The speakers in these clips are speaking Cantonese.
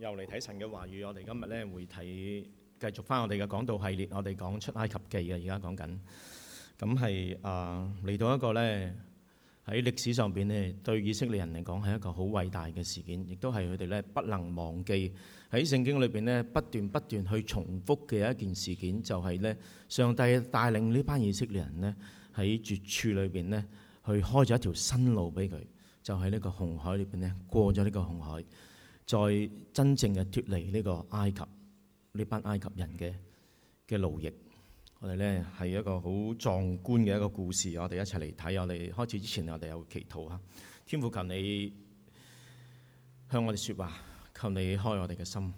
又嚟睇神嘅話語，我哋今日咧會睇繼續翻我哋嘅講道系列，我哋講出埃及記啊，而家講緊，咁係啊嚟到一個咧喺歷史上邊咧，對以色列人嚟講係一個好偉大嘅事件，亦都係佢哋咧不能忘記喺聖經裏邊咧不斷不斷去重複嘅一件事件，就係咧上帝帶領呢班以色列人咧喺絕處裏邊咧去開咗一條新路俾佢，就喺呢個紅海裏邊咧過咗呢個紅海。再真正嘅脫離呢個埃及呢班埃及人嘅嘅奴役，我哋咧係一個好壯觀嘅一個故事。我哋一齊嚟睇。我哋開始之前，我哋有祈禱嚇。天父求你向我哋說話，求你開我哋嘅心，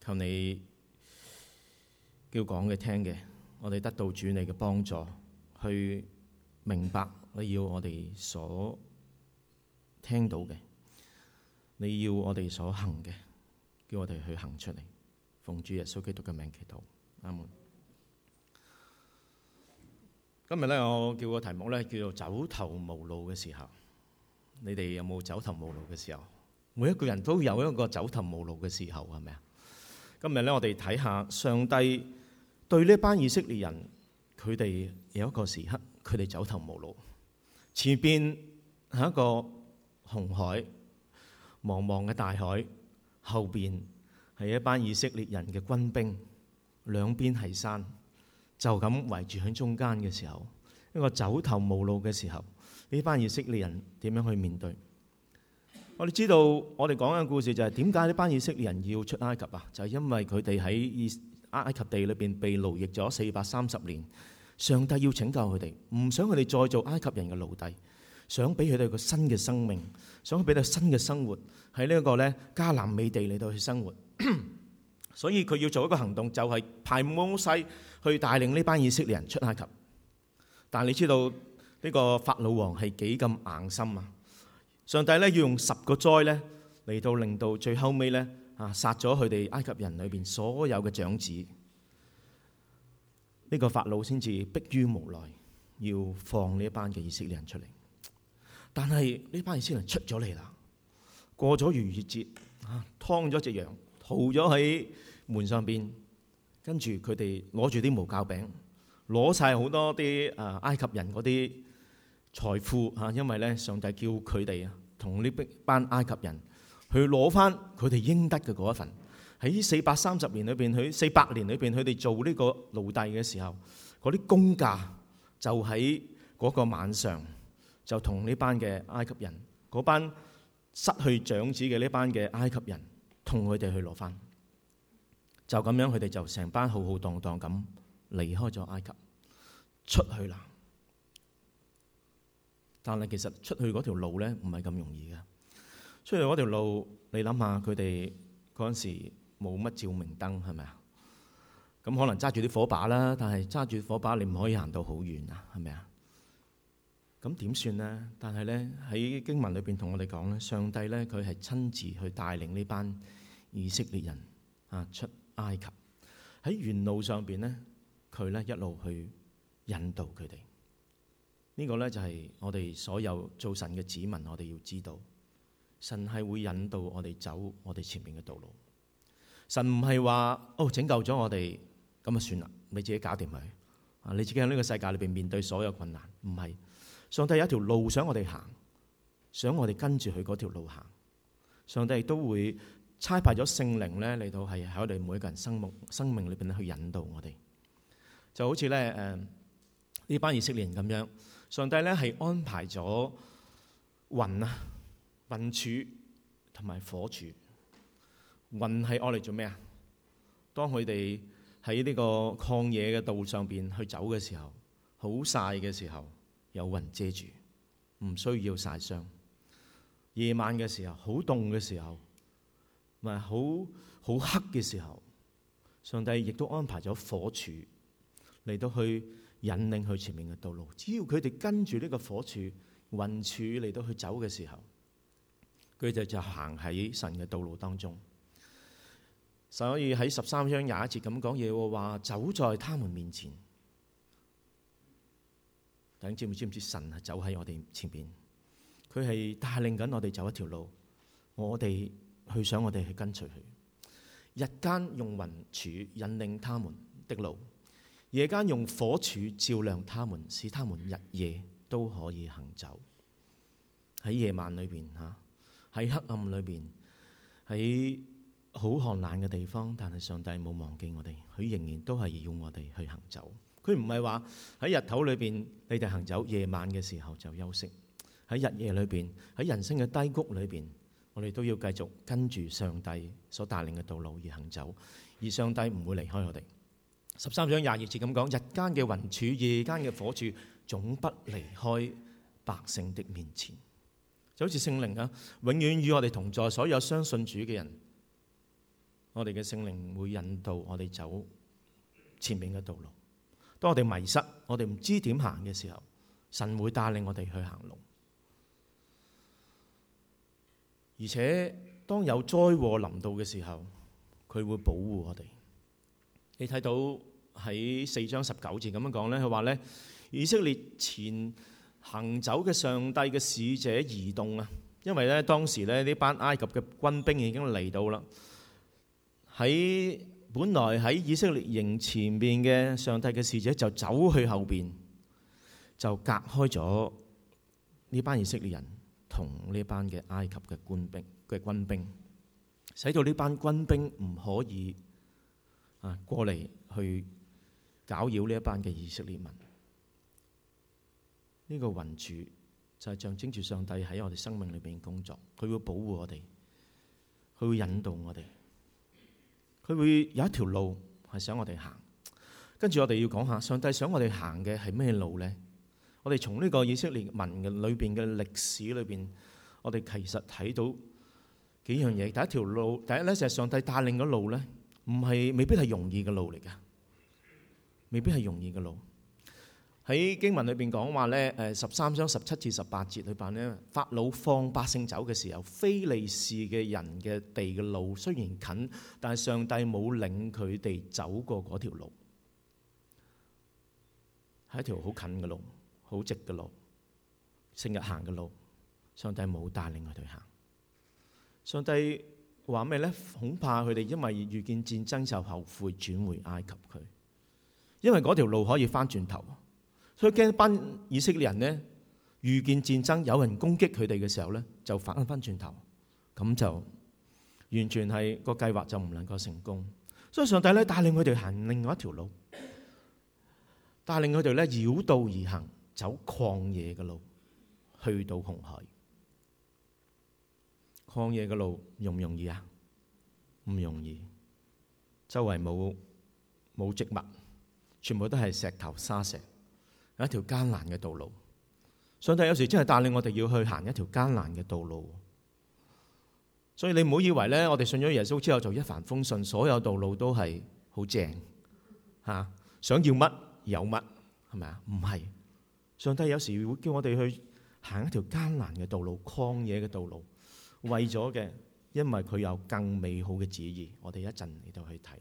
求你叫講嘅聽嘅。我哋得到主你嘅幫助，去明白你要我哋所聽到嘅。你要我哋所行嘅，叫我哋去行出嚟，奉主耶穌基督嘅名祈禱，阿門。今日咧，我叫個題目咧，叫做走投無路嘅時候。你哋有冇走投無路嘅時候？每一個人都有一個走投無路嘅時候，係咪啊？今日咧，我哋睇下上帝對呢班以色列人，佢哋有一個時刻，佢哋走投無路。前邊係一個紅海。茫茫嘅大海後邊係一班以色列人嘅軍兵，兩邊係山，就咁圍住喺中間嘅時候，一個走投無路嘅時候，呢班以色列人點樣去面對？我哋知道，我哋講嘅故事就係點解呢班以色列人要出埃及啊？就係因為佢哋喺埃及地裏邊被奴役咗四百三十年，上帝要拯救佢哋，唔想佢哋再做埃及人嘅奴隸。想俾佢哋個新嘅生命，想俾佢新嘅生活喺呢一個咧迦南美地裏度去生活，所以佢要做一個行動，就係派摩西去帶領呢班以色列人出埃及。但係你知道呢個法老王係幾咁硬心啊？上帝咧要用十個災咧嚟到令到最後尾咧啊殺咗佢哋埃及人裏邊所有嘅長子，呢個法老先至迫於無奈要放呢一班嘅以色列人出嚟。但係呢班人先嚟出咗嚟啦，過咗逾越節，啊，劏咗隻羊，塗咗喺門上邊，跟住佢哋攞住啲無酵餅，攞晒好多啲啊埃及人嗰啲財富啊，因為咧上帝叫佢哋啊，同呢班埃及人去攞翻佢哋應得嘅嗰一份。喺四百三十年裏邊，佢四百年裏邊，佢哋做呢個奴隸嘅時候，嗰啲工價就喺嗰個晚上。就同呢班嘅埃及人，嗰班失去長子嘅呢班嘅埃及人，同佢哋去攞翻。就咁樣，佢哋就成班浩浩蕩蕩咁離開咗埃及，出去啦。但係其實出去嗰條路咧，唔係咁容易嘅。出去嗰條路，你諗下，佢哋嗰陣時冇乜照明燈，係咪啊？咁可能揸住啲火把啦，但係揸住火把你唔可以行到好遠啊，係咪啊？咁點算呢？但係咧，喺經文裏邊同我哋講咧，上帝咧，佢係親自去帶領呢班以色列人啊，出埃及，喺沿路上邊咧，佢咧一路去引導佢哋。這個、呢個咧就係、是、我哋所有做神嘅子民，我哋要知道神係會引導我哋走我哋前面嘅道路。神唔係話哦拯救咗我哋咁啊，就算啦，你自己搞掂佢啊，你自己喺呢個世界裏邊面面對所有困難，唔係。上帝有一條路想我哋行，想我哋跟住佢嗰條路行。上帝都會差派咗聖靈咧嚟到係喺我哋每個人生目生命裏邊咧去引導我哋。就好似咧誒呢班、呃、以色列人咁樣，上帝咧係安排咗雲啊、雲柱同埋火柱。雲係我嚟做咩啊？當佢哋喺呢個曠野嘅道上邊去走嘅時候，好曬嘅時候。有雲遮住，唔需要曬傷。夜晚嘅時候，好凍嘅時候，咪好好黑嘅時候，上帝亦都安排咗火柱嚟到去引領佢前面嘅道路。只要佢哋跟住呢個火柱、雲柱嚟到去走嘅時候，佢哋就行喺神嘅道路當中。所以喺十三章廿一節咁講嘢，我話走在他們面前。你知唔知？唔知神係走喺我哋前邊，佢係帶領緊我哋走一條路，我哋去想，我哋去跟隨佢。日間用雲柱引領他們的路，夜間用火柱照亮他們，使他們日夜都可以行走。喺夜晚裏邊吓，喺黑暗裏邊，喺好寒冷嘅地方，但係上帝冇忘記我哋，佢仍然都係要我哋去行走。佢唔係話喺日頭裏邊，你哋行走；夜晚嘅時候就休息。喺日夜裏邊，喺人生嘅低谷裏邊，我哋都要繼續跟住上帝所帶領嘅道路而行走。而上帝唔會離開我哋。十三章廿二節咁講：日間嘅雲柱，夜間嘅火柱，總不離開百姓的面前。就好似聖靈啊，永遠與我哋同在。所有相信主嘅人，我哋嘅聖靈會引導我哋走前面嘅道路。當我哋迷失、我哋唔知點行嘅時候，神會帶領我哋去行路。而且當有災禍臨到嘅時候，佢會保護我哋。你睇到喺四章十九節咁樣講咧，佢話咧，以色列前行走嘅上帝嘅使者移動啊，因為咧當時咧呢這班埃及嘅軍兵已經嚟到啦，喺。本來喺以色列營前面嘅上帝嘅使者就走去後邊，就隔開咗呢班以色列人同呢班嘅埃及嘅官兵嘅軍兵，使到呢班軍兵唔可以啊過嚟去攪擾呢一班嘅以色列民。呢、這個雲柱就係象徵住上帝喺我哋生命裏邊工作，佢會保護我哋，佢會引導我哋。佢會有一條路係想我哋行，跟住我哋要講下上帝想我哋行嘅係咩路咧？我哋從呢個以色列民嘅裏邊嘅歷史裏邊，我哋其實睇到幾樣嘢。第一條路，第一咧就係上帝帶領嘅路咧，唔係未必係容易嘅路嚟㗎，未必係容易嘅路，路。喺經文裏邊講話咧，誒十三章十七至十八節裏邊咧，法老放百姓走嘅時候，非利士嘅人嘅地嘅路雖然近，但係上帝冇領佢哋走過嗰條路，係一條好近嘅路，好直嘅路，成日行嘅路。上帝冇帶領佢哋行。上帝話咩咧？恐怕佢哋因為遇見戰爭就後悔轉回埃及他，佢因為嗰條路可以返轉頭。所以驚班以色列人呢，遇見戰爭，有人攻擊佢哋嘅時候呢，就反翻轉頭，咁就完全係、個計劃就唔能夠成功。所以上帝呢，帶領佢哋行另外一條路，帶領佢哋呢，繞道而行，走曠野嘅路去到紅海。曠野嘅路容唔容易啊？唔容易，周圍冇冇植物，全部都係石頭沙石。有一條艱難嘅道路，上帝有時真係帶領我哋要去行一條艱難嘅道路，所以你唔好以為呢，我哋信咗耶穌之後就一帆風順，所有道路都係好正，吓，想要乜有乜係咪啊？唔係，上帝有時會叫我哋去行一條艱難嘅道路、曠野嘅道路，為咗嘅，因為佢有更美好嘅旨意，我哋一陣嚟到去睇。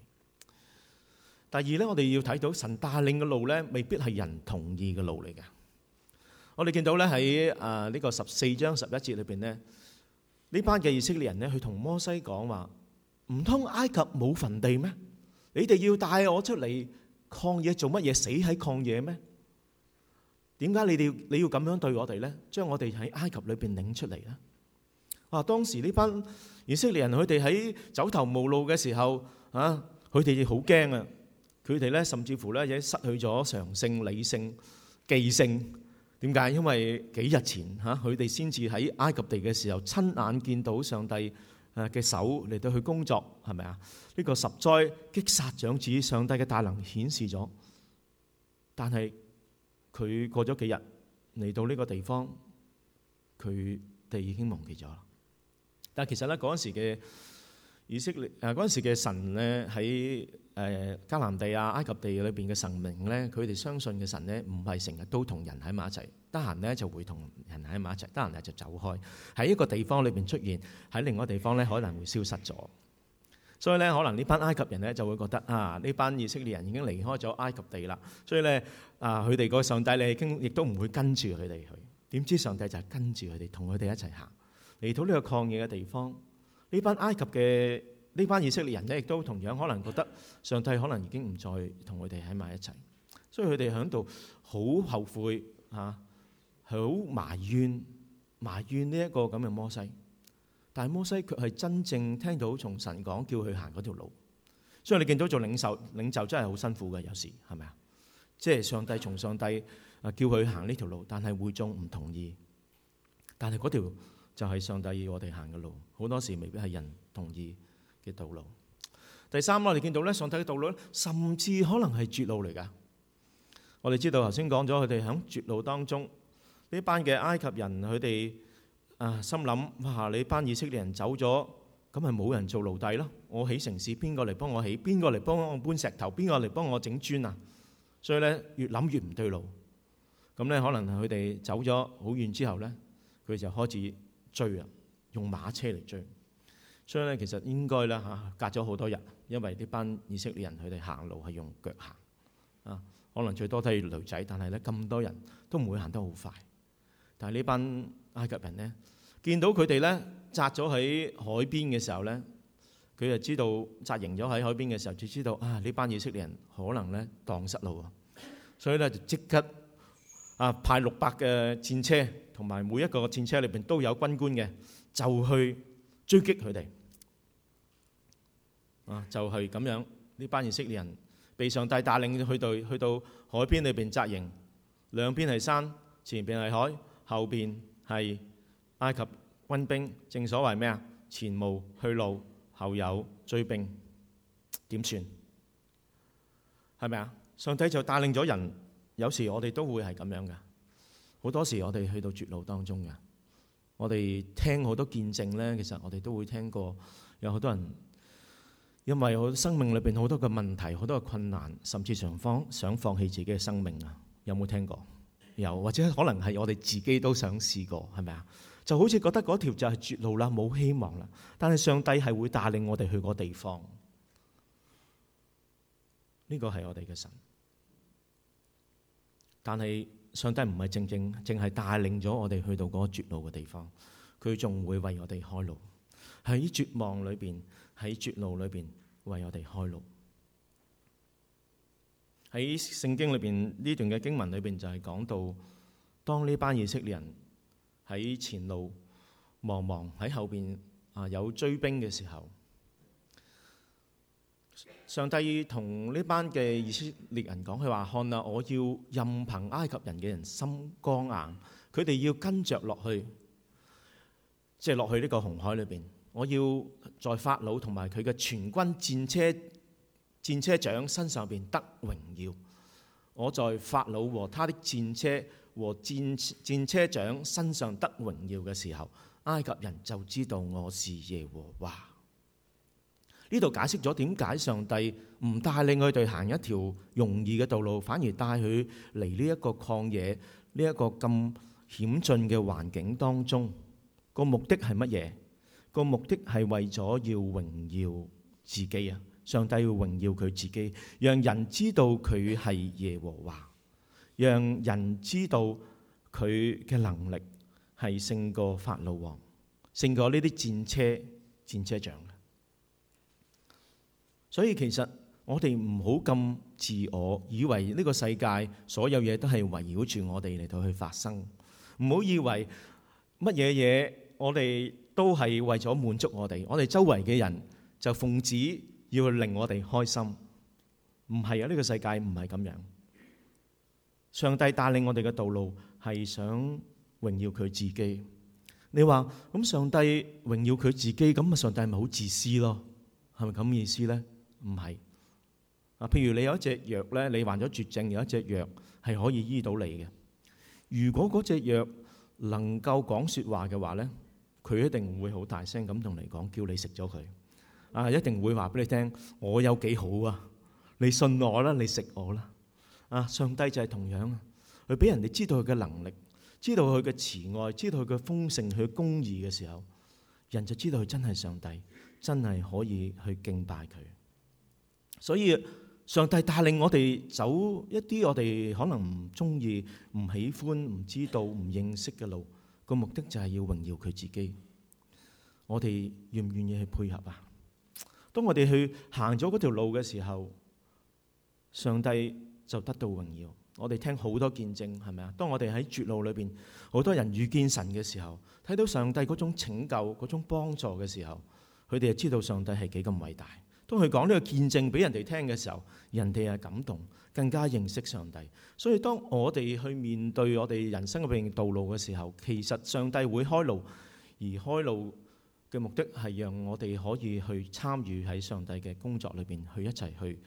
第二咧，我哋要睇到神帶領嘅路咧，未必係人同意嘅路嚟㗎。我哋見到咧，喺啊呢個十四章十一節裏邊咧，呢班嘅以色列人咧，去同摩西講話：唔通埃及冇墳地咩？你哋要帶我出嚟曠野做乜嘢？死喺曠野咩？點解你哋你要咁樣對我哋咧？將我哋喺埃及裏邊領出嚟咧？啊！當時呢班以色列人佢哋喺走投無路嘅時候啊，佢哋亦好驚啊！佢哋咧甚至乎咧，亦失去咗常性、理性、記性。點解？因為幾日前嚇，佢哋先至喺埃及地嘅時候，親眼見到上帝誒嘅手嚟到去工作，係咪啊？呢、這個十災擊殺長子，上帝嘅大能顯示咗。但係佢過咗幾日嚟到呢個地方，佢哋已經忘記咗啦。但係其實咧，嗰陣時嘅以色列誒，嗰陣時嘅神咧喺。在誒、呃、加南地啊，埃及地裏邊嘅神明咧，佢哋相信嘅神咧，唔係成日都同人喺埋一齊，得閒咧就會同人喺埋一齊，得閒咧就走開。喺一個地方裏邊出現，喺另外地方咧可能會消失咗。所以咧，可能呢班埃及人咧就會覺得啊，呢班以色列人已經離開咗埃及地啦。所以咧啊，佢哋個上帝嚟經，亦都唔會跟住佢哋去。點知上帝就係跟住佢哋，同佢哋一齊行嚟到呢個曠野嘅地方。呢班埃及嘅。呢班以色列人咧，亦都同樣可能覺得上帝可能已經唔再同佢哋喺埋一齊，所以佢哋喺度好後悔啊，好埋怨埋怨呢一個咁嘅摩西。但係摩西卻係真正聽到從神講叫佢行嗰條路，所以你見到做領袖領袖真係好辛苦㗎，有時係咪啊？即係、就是、上帝從上帝啊叫佢行呢條路，但係會眾唔同意，但係嗰條就係上帝要我哋行嘅路。好多時未必係人同意嘅道路，第三我哋見到咧，上帝嘅道路咧，甚至可能係絕路嚟㗎。我哋知道頭先講咗，佢哋響絕路當中，呢班嘅埃及人佢哋啊心諗哇，你班以色列人走咗，咁咪冇人做奴隸咯？我起城市，邊個嚟幫我起？邊個嚟幫我搬石頭？邊個嚟幫我整磚啊？所以咧，越諗越唔對路，咁咧可能佢哋走咗好遠之後咧，佢就開始追啊，用馬車嚟追。所以咧，其實應該啦嚇，隔咗好多日，因為呢班以色列人佢哋行路係用腳行啊，可能最多都係女仔，但係咧咁多人都唔會行得好快。但係呢班埃及人咧，見到佢哋咧紮咗喺海邊嘅時候咧，佢就知道紮營咗喺海邊嘅時候，就知道啊呢班以色列人可能咧蕩失路喎，所以咧就即刻啊派六百嘅戰車，同埋每一個戰車裏邊都有軍官嘅，就去。追擊佢哋啊，就係咁樣。呢班以色列人被上帝帶領去到去到海邊裏邊紮營，兩邊係山，前邊係海，後邊係埃及軍兵。正所謂咩啊？前無去路，後有追兵，點算？係咪啊？上帝就帶領咗人。有時我哋都會係咁樣㗎，好多時我哋去到絕路當中㗎。我哋聽好多見證呢，其實我哋都會聽過，有好多人因為我生命裏邊好多嘅問題、好多嘅困難，甚至上方想放棄自己嘅生命啊！有冇聽過？有，或者可能係我哋自己都想試過，係咪啊？就好似覺得嗰條就係絕路啦，冇希望啦。但係上帝係會帶領我哋去嗰個地方，呢個係我哋嘅神。但係。上帝唔係正正，淨係帶領咗我哋去到嗰個絕路嘅地方，佢仲會為我哋開路。喺絕望裏邊，喺絕路裏邊，為我哋開路。喺聖經裏邊呢段嘅經文裏邊，就係講到當呢班以色列人喺前路茫茫在面，喺後邊啊有追兵嘅時候。上帝同呢班嘅以色列人講：佢話看啊，我要任憑埃及人嘅人心剛硬，佢哋要跟着落去，即係落去呢個紅海裏邊。我要在法老同埋佢嘅全軍戰車戰車長身上邊得榮耀。我在法老和他的戰車和戰戰車長身上得榮耀嘅時候，埃及人就知道我是耶和華。呢度解釋咗點解上帝唔帶領佢哋行一條容易嘅道路，反而帶佢嚟呢一個曠野，呢一個咁險峻嘅環境當中。個目的係乜嘢？個目的係為咗要榮耀自己啊！上帝要榮耀佢自己，讓人知道佢係耶和華，讓人知道佢嘅能力係勝過法老王，勝過呢啲戰車、戰車長。所以其實我哋唔好咁自我，以為呢個世界所有嘢都係圍繞住我哋嚟到去發生。唔好以為乜嘢嘢我哋都係為咗滿足我哋。我哋周圍嘅人就奉旨要令我哋開心。唔係啊！呢個世界唔係咁樣。上帝帶領我哋嘅道路係想榮耀佢自己。你話咁上帝榮耀佢自己，咁啊上帝咪好自私咯？係咪咁意思呢？唔係啊！譬如你有一隻藥咧，你患咗絕症，有一隻藥係可以醫到你嘅。如果嗰隻藥能夠講說話嘅話咧，佢一定會好大聲咁同你講，叫你食咗佢啊！一定會話俾你聽，我有幾好啊！你信我啦，你食我啦啊！上帝就係同樣啊，佢俾人哋知道佢嘅能力，知道佢嘅慈愛，知道佢嘅豐盛，佢嘅公義嘅時候，人就知道佢真係上帝，真係可以去敬拜佢。所以，上帝帶領我哋走一啲我哋可能唔中意、唔喜歡、唔知道、唔認識嘅路，個目的就係要榮耀佢自己。我哋願唔願意去配合啊？當我哋去行咗嗰條路嘅時候，上帝就得到榮耀。我哋聽好多見證，係咪啊？當我哋喺絕路裏邊，好多人遇見神嘅時候，睇到上帝嗰種拯救、嗰種幫助嘅時候，佢哋就知道上帝係幾咁偉大。當佢講呢個見證俾人哋聽嘅時候，人哋係感動，更加認識上帝。所以當我哋去面對我哋人生嘅道路嘅時候，其實上帝會開路，而開路嘅目的係讓我哋可以去參與喺上帝嘅工作裏邊，去一齊去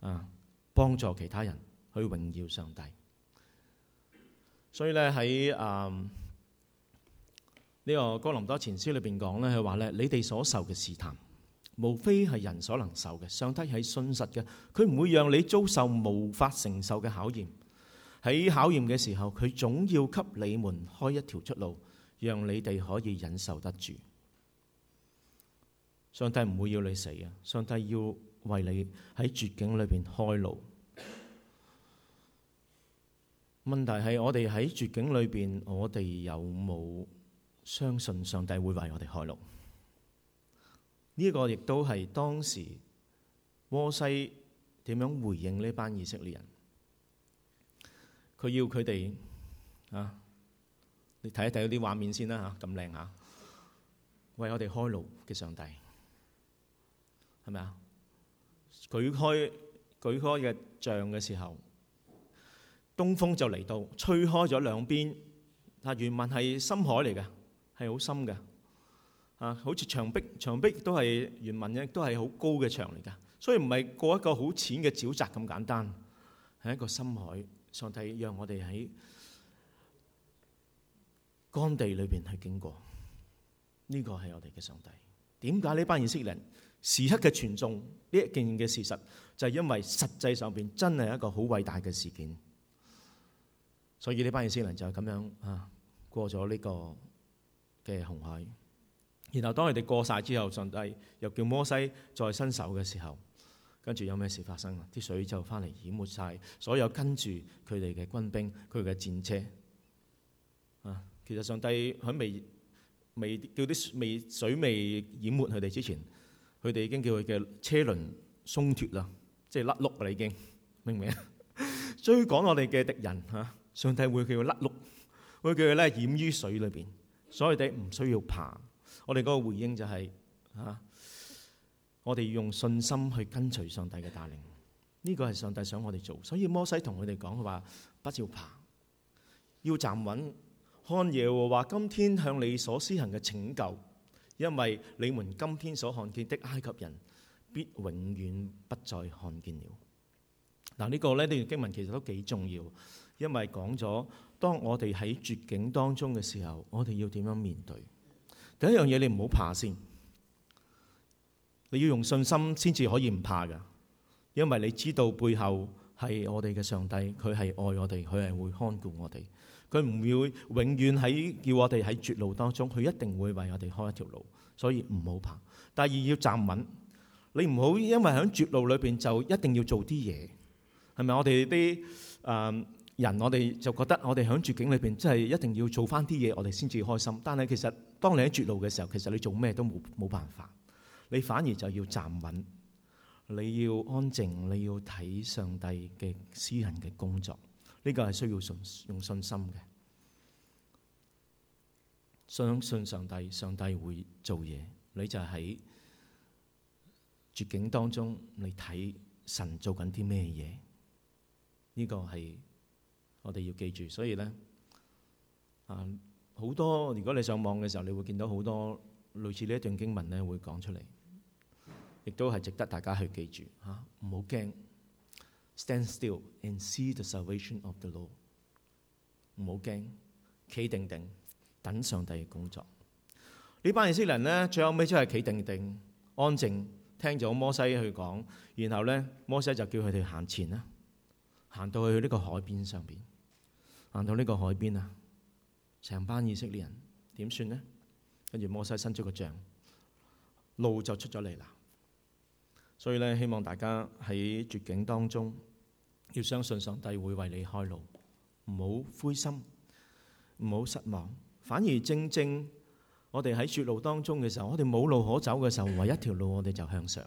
啊幫助其他人，去榮耀上帝。所以咧喺啊呢個哥林多前書裏邊講咧，佢話咧，你哋所受嘅試探，無非係人所能受嘅，上帝係信實嘅，佢唔會讓你遭受無法承受嘅考驗。喺考驗嘅時候，佢總要給你們開一條出路，讓你哋可以忍受得住。上帝唔會要你死啊！上帝要為你喺絕境裏邊開路。問題係我哋喺絕境裏邊，我哋有冇相信上帝會為我哋開路？呢個亦都係當時摩西點樣回應呢班以色列人他他們？佢要佢哋啊，你睇一睇嗰啲畫面先啦嚇，咁靚嚇，為我哋開路嘅上帝係咪啊？舉開舉開嘅杖嘅時候，東風就嚟到，吹開咗兩邊。啊，原文係深海嚟嘅，係好深嘅。啊！好似牆壁，牆壁都係原文咧，都係好高嘅牆嚟噶。所以唔係過一個好淺嘅沼澤咁簡單，係一個深海。上帝讓我哋喺乾地裏邊去經過。呢、這個係我哋嘅上帝。點解呢班以色列人時刻嘅傳頌呢一件嘅事實，就係、是、因為實際上邊真係一個好偉大嘅事件。所以呢班以色列人就係咁樣啊，過咗呢個嘅紅海。然後當佢哋過晒之後，上帝又叫摩西再伸手嘅時候，跟住有咩事發生啊？啲水就翻嚟淹沒晒所有跟住佢哋嘅軍兵、佢嘅戰車。啊，其實上帝喺未未叫啲未水未淹沒佢哋之前，佢哋已經叫佢嘅車輪鬆脫啦，即係甩碌啦已經，明唔明？追趕我哋嘅敵人吓、啊，上帝會叫佢甩碌，會叫佢咧淹於水裏邊，所以哋唔需要怕。我哋嗰個回應就係、是啊、我哋要用信心去跟隨上帝嘅帶領。呢、這個係上帝想我哋做，所以摩西同佢哋講：佢話不要怕，要站穩，看耶和華今天向你所施行嘅拯救，因為你們今天所看見的埃及人必永遠不再看見了。嗱、這個，呢、這個咧呢段經文其實都幾重要，因為講咗當我哋喺絕境當中嘅時候，我哋要點樣面對？第一樣嘢你唔好怕先，你要用信心先至可以唔怕㗎，因為你知道背後係我哋嘅上帝，佢係愛我哋，佢係會看顧我哋，佢唔會永遠喺叫我哋喺絕路當中，佢一定會為我哋開一條路，所以唔好怕。第二要站穩，你唔好因為喺絕路裏邊就一定要做啲嘢，係咪我哋啲誒？嗯人我哋就覺得我哋喺絕境裏邊，即係一定要做返啲嘢，我哋先至開心。但係其實，當你喺絕路嘅時候，其實你做咩都冇冇辦法。你反而就要站穩，你要安靜，你要睇上帝嘅私人嘅工作。呢個係需要信用信心嘅，相信上帝，上帝會做嘢。你就喺絕境當中，你睇神做緊啲咩嘢？呢個係。我哋要記住，所以咧，啊，好多如果你上網嘅時候，你會見到好多類似呢一段經文咧，會講出嚟，亦都係值得大家去記住嚇。唔好驚，stand still and see the salvation of the Lord。唔好驚，企定定，等上帝嘅工作。這呢班以色列人咧，最後尾出係企定定、安靜聽咗摩西去講，然後咧，摩西就叫佢哋行前啦，行到去呢個海邊上邊。行到呢個海邊啊，成班以色列人點算呢？跟住摩西伸出個杖，路就出咗嚟啦。所以咧，希望大家喺絕境當中，要相信上帝會為你開路，唔好灰心，唔好失望。反而正正我哋喺絕路當中嘅時候，我哋冇路可走嘅時候，唯一條路我哋就向上，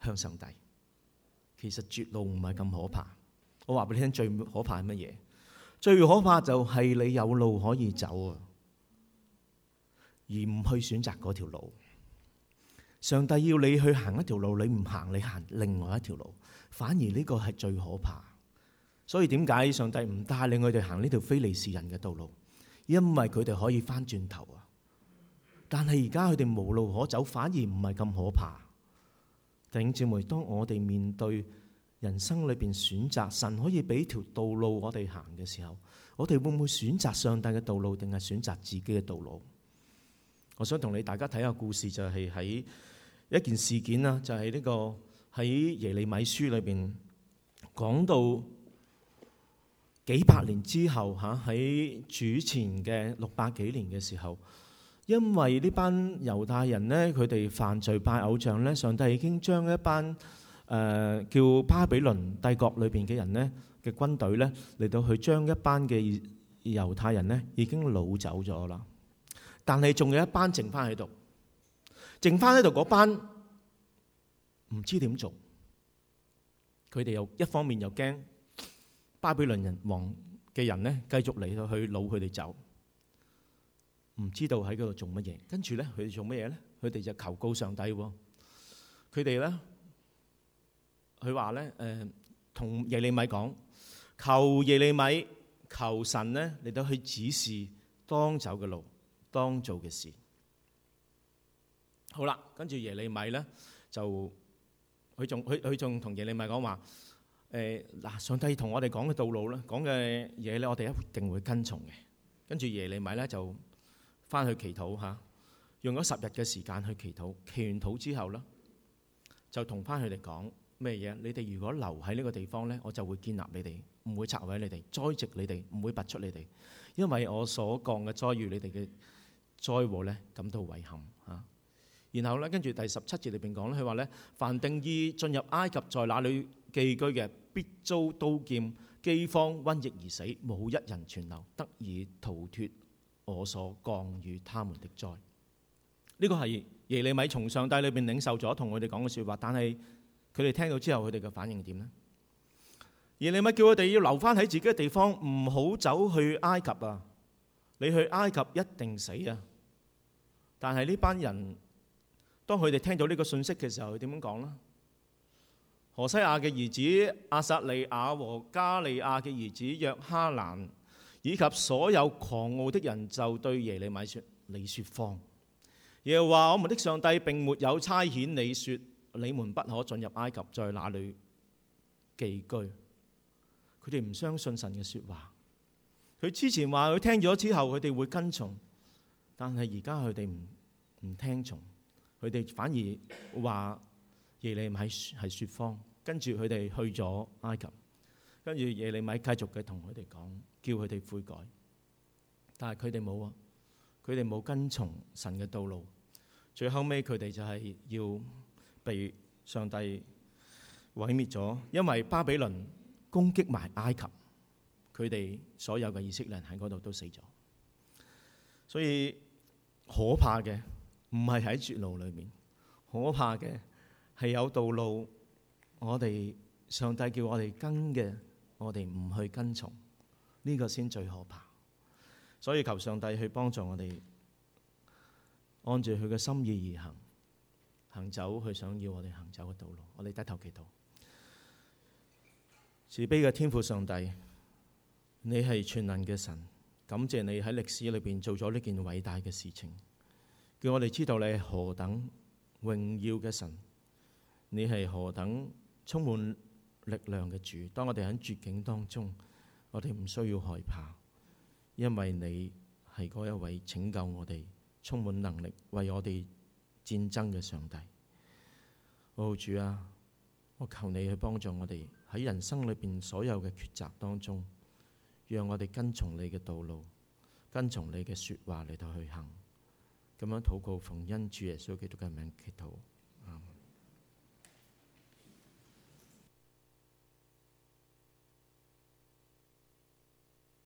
向上帝。其實絕路唔係咁可怕，我話俾你聽，最可怕係乜嘢？最可怕就係你有路可以走啊，而唔去選擇嗰條路。上帝要你去行一條路，你唔行，你行另外一條路，反而呢個係最可怕。所以點解上帝唔帶領佢哋行呢條非利士人嘅道路？因為佢哋可以翻轉頭啊。但係而家佢哋無路可走，反而唔係咁可怕。弟兄姊妹，當我哋面對。人生裏邊選擇，神可以俾條道路我哋行嘅時候，我哋會唔會選擇上帝嘅道路，定係選擇自己嘅道路？我想同你大家睇下故事，就係喺一件事件啦，就係呢個喺耶利米書裏邊講到幾百年之後吓，喺主前嘅六百幾年嘅時候，因為呢班猶太人呢，佢哋犯罪拜偶像呢，上帝已經將一班。誒，叫巴比倫帝國裏邊嘅人呢嘅軍隊呢嚟到去將一班嘅猶太人呢已經擄走咗啦，但係仲有一班剩翻喺度，剩翻喺度嗰班唔知點做，佢哋又一方面又驚巴比倫人王嘅人呢繼續嚟到去擄佢哋走，唔知道喺嗰度做乜嘢，跟住呢佢哋做乜嘢呢？佢哋就求告上帝，佢哋呢。佢話咧，誒，同耶利米講，求耶利米求神咧嚟到去指示當走嘅路，當做嘅事。好啦，跟住耶利米咧就佢仲佢佢仲同耶利米講話，誒，嗱，上帝同我哋講嘅道路咧，講嘅嘢咧，我哋一定會跟從嘅。跟住耶利米咧就返去祈禱吓，用咗十日嘅時間去祈禱，祈完禱之後咧就同返佢哋講。咩嘢？你哋如果留喺呢個地方呢，我就會建立你哋，唔會拆毀你哋，栽植你哋，唔會拔出你哋，因為我所降嘅災遇你哋嘅災禍呢，感到遺憾啊。然後呢，跟住第十七節裏邊講咧，佢話呢：「凡定意進入埃及在那裏寄居嘅，必遭刀劍飢荒瘟疫而死，冇一人存留，得以逃脱我所降與他們的災。呢、這個係耶利米從上帝裏邊領受咗，同我哋講嘅說話，但係。佢哋聽到之後，佢哋嘅反應點呢？而你咪叫佢哋要留翻喺自己嘅地方，唔好走去埃及啊！你去埃及一定死啊！但係呢班人，當佢哋聽到呢個信息嘅時候，點樣講呢？何西亞嘅兒子亞撒利雅和加利亞嘅兒子約哈難，以及所有狂傲的人，就對耶利米說：你説謊！耶和華我們的上帝並沒有差遣你説。你們不可進入埃及，在哪裏寄居？佢哋唔相信神嘅説話。佢之前話佢聽咗之後，佢哋會跟從，但係而家佢哋唔唔聽從，佢哋反而話耶利米係係説謊。跟住佢哋去咗埃及，跟住耶利米繼續嘅同佢哋講，叫佢哋悔改，但係佢哋冇啊！佢哋冇跟從神嘅道路，最後尾佢哋就係要。被上帝毀滅咗，因為巴比倫攻擊埋埃及，佢哋所有嘅以色列人喺嗰度都死咗。所以可怕嘅唔係喺絕路裏面，可怕嘅係有道路，我哋上帝叫我哋跟嘅，我哋唔去跟從，呢、這個先最可怕。所以求上帝去幫助我哋，按住佢嘅心意而行。行走佢想要我哋行走嘅道路，我哋低頭祈禱。慈悲嘅天父上帝，你係全能嘅神，感謝你喺歷史裏邊做咗呢件偉大嘅事情，叫我哋知道你係何等榮耀嘅神，你係何等充滿力量嘅主。當我哋喺絕境當中，我哋唔需要害怕，因為你係嗰一位拯救我哋、充滿能力為我哋。戰爭嘅上帝，哦、好主啊，我求你去幫助我哋喺人生裏邊所有嘅抉擇當中，讓我哋跟從你嘅道路，跟從你嘅說話嚟到去行，咁樣禱告奉恩主耶穌基督嘅名祈禱。